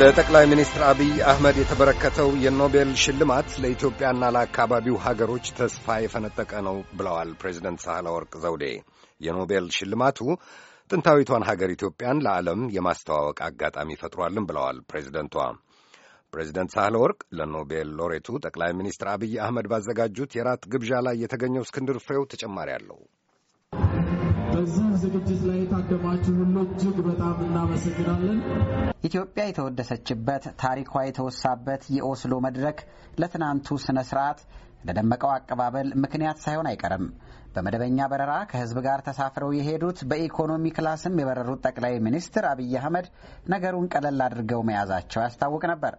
ለጠቅላይ ሚኒስትር አብይ አህመድ የተበረከተው የኖቤል ሽልማት ለኢትዮጵያና ለአካባቢው ሀገሮች ተስፋ የፈነጠቀ ነው ብለዋል ፕሬዚደንት ሳህለ ወርቅ ዘውዴ። የኖቤል ሽልማቱ ጥንታዊቷን ሀገር ኢትዮጵያን ለዓለም የማስተዋወቅ አጋጣሚ ፈጥሯልን ብለዋል ፕሬዚደንቷ። ፕሬዚደንት ሳህለ ወርቅ ለኖቤል ሎሬቱ ጠቅላይ ሚኒስትር አብይ አህመድ ባዘጋጁት የራት ግብዣ ላይ የተገኘው እስክንድር ፍሬው ተጨማሪ አለው። በዚህ ዝግጅት ላይ የታደማችሁ ሁሉ እጅግ በጣም እናመሰግናለን። ኢትዮጵያ የተወደሰችበት ታሪኳ የተወሳበት የኦስሎ መድረክ ለትናንቱ ስነ ስርዓት ለደመቀው አቀባበል ምክንያት ሳይሆን አይቀርም። በመደበኛ በረራ ከህዝብ ጋር ተሳፍረው የሄዱት በኢኮኖሚ ክላስም የበረሩት ጠቅላይ ሚኒስትር አብይ አህመድ ነገሩን ቀለል አድርገው መያዛቸው ያስታውቅ ነበር።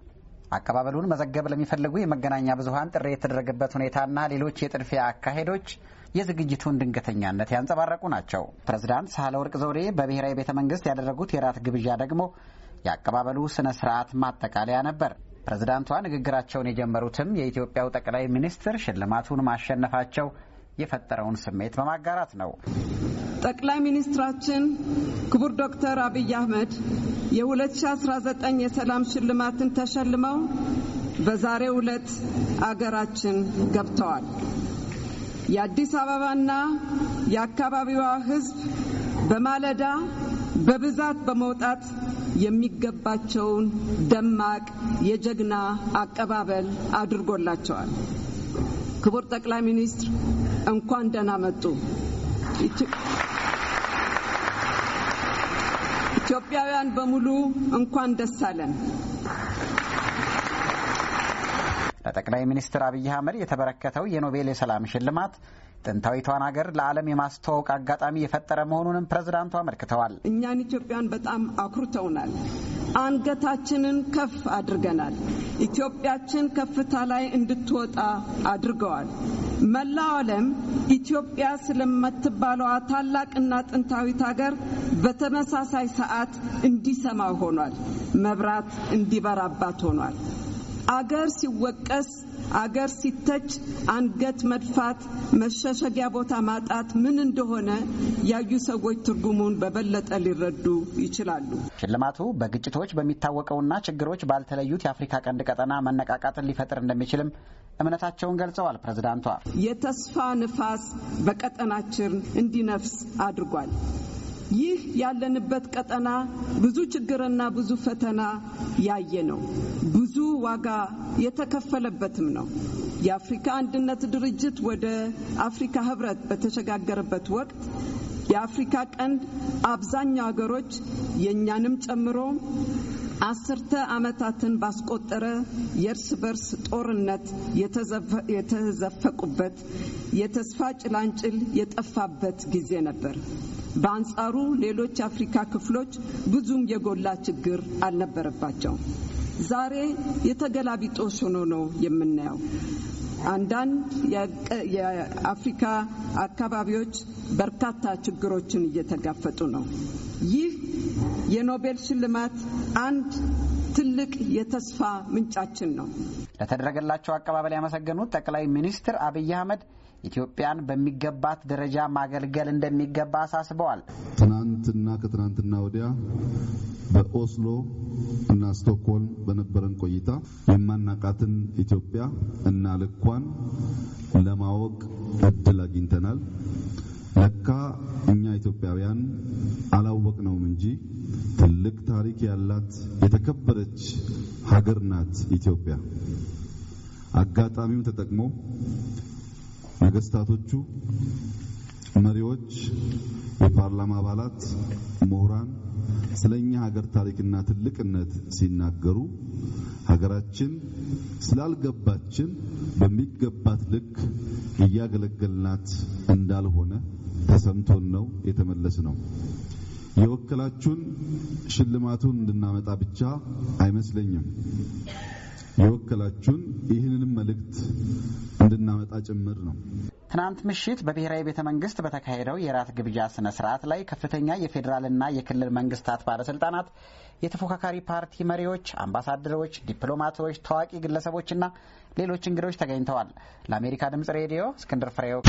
አቀባበሉን መዘገብ ለሚፈልጉ የመገናኛ ብዙሃን ጥሪ የተደረገበት ሁኔታና ሌሎች የጥድፊያ አካሄዶች የዝግጅቱን ድንገተኛነት ያንጸባረቁ ናቸው። ፕሬዝዳንት ሳህለወርቅ ዘውዴ በብሔራዊ ቤተ መንግስት ያደረጉት የራት ግብዣ ደግሞ የአቀባበሉ ስነ ስርዓት ማጠቃለያ ነበር። ፕሬዝዳንቷ ንግግራቸውን የጀመሩትም የኢትዮጵያው ጠቅላይ ሚኒስትር ሽልማቱን ማሸነፋቸው የፈጠረውን ስሜት በማጋራት ነው። ጠቅላይ ሚኒስትራችን ክቡር ዶክተር አብይ አህመድ የ2019 የሰላም ሽልማትን ተሸልመው በዛሬው ዕለት አገራችን ገብተዋል። የአዲስ አበባና የአካባቢዋ ሕዝብ በማለዳ በብዛት በመውጣት የሚገባቸውን ደማቅ የጀግና አቀባበል አድርጎላቸዋል። ክቡር ጠቅላይ ሚኒስትር እንኳን ደህና መጡ። ኢትዮጵያውያን በሙሉ እንኳን ደስ አለን። ለጠቅላይ ሚኒስትር አብይ አህመድ የተበረከተው የኖቤል የሰላም ሽልማት ጥንታዊቷን ሀገር ለዓለም የማስተዋወቅ አጋጣሚ የፈጠረ መሆኑንም ፕሬዝዳንቱ አመልክተዋል። እኛን ኢትዮጵያን በጣም አኩርተውናል። አንገታችንን ከፍ አድርገናል። ኢትዮጵያችን ከፍታ ላይ እንድትወጣ አድርገዋል። መላው ዓለም ኢትዮጵያ ስለምትባለዋ ታላቅና ጥንታዊት ሀገር በተመሳሳይ ሰዓት እንዲሰማው ሆኗል። መብራት እንዲበራባት ሆኗል። አገር ሲወቀስ አገር ሲተች አንገት መድፋት፣ መሸሸጊያ ቦታ ማጣት ምን እንደሆነ ያዩ ሰዎች ትርጉሙን በበለጠ ሊረዱ ይችላሉ። ሽልማቱ በግጭቶች በሚታወቀውና ችግሮች ባልተለዩት የአፍሪካ ቀንድ ቀጠና መነቃቃትን ሊፈጥር እንደሚችልም እምነታቸውን ገልጸዋል። ፕሬዝዳንቷ የተስፋ ንፋስ በቀጠናችን እንዲነፍስ አድርጓል። ይህ ያለንበት ቀጠና ብዙ ችግርና ብዙ ፈተና ያየ ነው። ብዙ ዋጋ የተከፈለበትም ነው። የአፍሪካ አንድነት ድርጅት ወደ አፍሪካ ህብረት በተሸጋገረበት ወቅት የአፍሪካ ቀንድ አብዛኛው ሀገሮች የእኛንም ጨምሮ አስርተ ዓመታትን ባስቆጠረ የእርስ በርስ ጦርነት የተዘፈቁበት የተስፋ ጭላንጭል የጠፋበት ጊዜ ነበር። በአንጻሩ ሌሎች የአፍሪካ ክፍሎች ብዙም የጎላ ችግር አልነበረባቸው። ዛሬ የተገላቢጦሽ ሆኖ ነው የምናየው። አንዳንድ የአፍሪካ አካባቢዎች በርካታ ችግሮችን እየተጋፈጡ ነው። ይህ የኖቤል ሽልማት አንድ ትልቅ የተስፋ ምንጫችን ነው። ለተደረገላቸው አቀባበል ያመሰገኑት ጠቅላይ ሚኒስትር አብይ አህመድ ኢትዮጵያን በሚገባት ደረጃ ማገልገል እንደሚገባ አሳስበዋል። ትናንትና ከትናንትና ወዲያ በኦስሎ እና ስቶክሆልም በነበረን ቆይታ የማናቃትን ኢትዮጵያ እና ልኳን ለማወቅ እድል አግኝተናል። ለካ እኛ ኢትዮጵያውያን አላወቅነውም እንጂ ትልቅ ታሪክ ያላት የተከበረች ሀገር ናት ኢትዮጵያ። አጋጣሚው ተጠቅሞ ነገስታቶቹ፣ መሪዎች የፓርላማ አባላት፣ ምሁራን ስለኛ ሀገር ታሪክና ትልቅነት ሲናገሩ ሀገራችን ስላልገባችን በሚገባት ልክ እያገለገልናት እንዳልሆነ ተሰምቶን ነው የተመለስ ነው። የወከላችሁን ሽልማቱን እንድናመጣ ብቻ አይመስለኝም። የወከላችሁን ይህንንም መልእክት እንድናመጣ ጭምር ነው። ትናንት ምሽት በብሔራዊ ቤተ መንግስት በተካሄደው የራት ግብዣ ስነ ስርዓት ላይ ከፍተኛ የፌዴራልና የክልል መንግስታት ባለስልጣናት፣ የተፎካካሪ ፓርቲ መሪዎች፣ አምባሳደሮች፣ ዲፕሎማቶች፣ ታዋቂ ግለሰቦችና ሌሎች እንግዶች ተገኝተዋል። ለአሜሪካ ድምጽ ሬዲዮ እስክንድር ፍሬው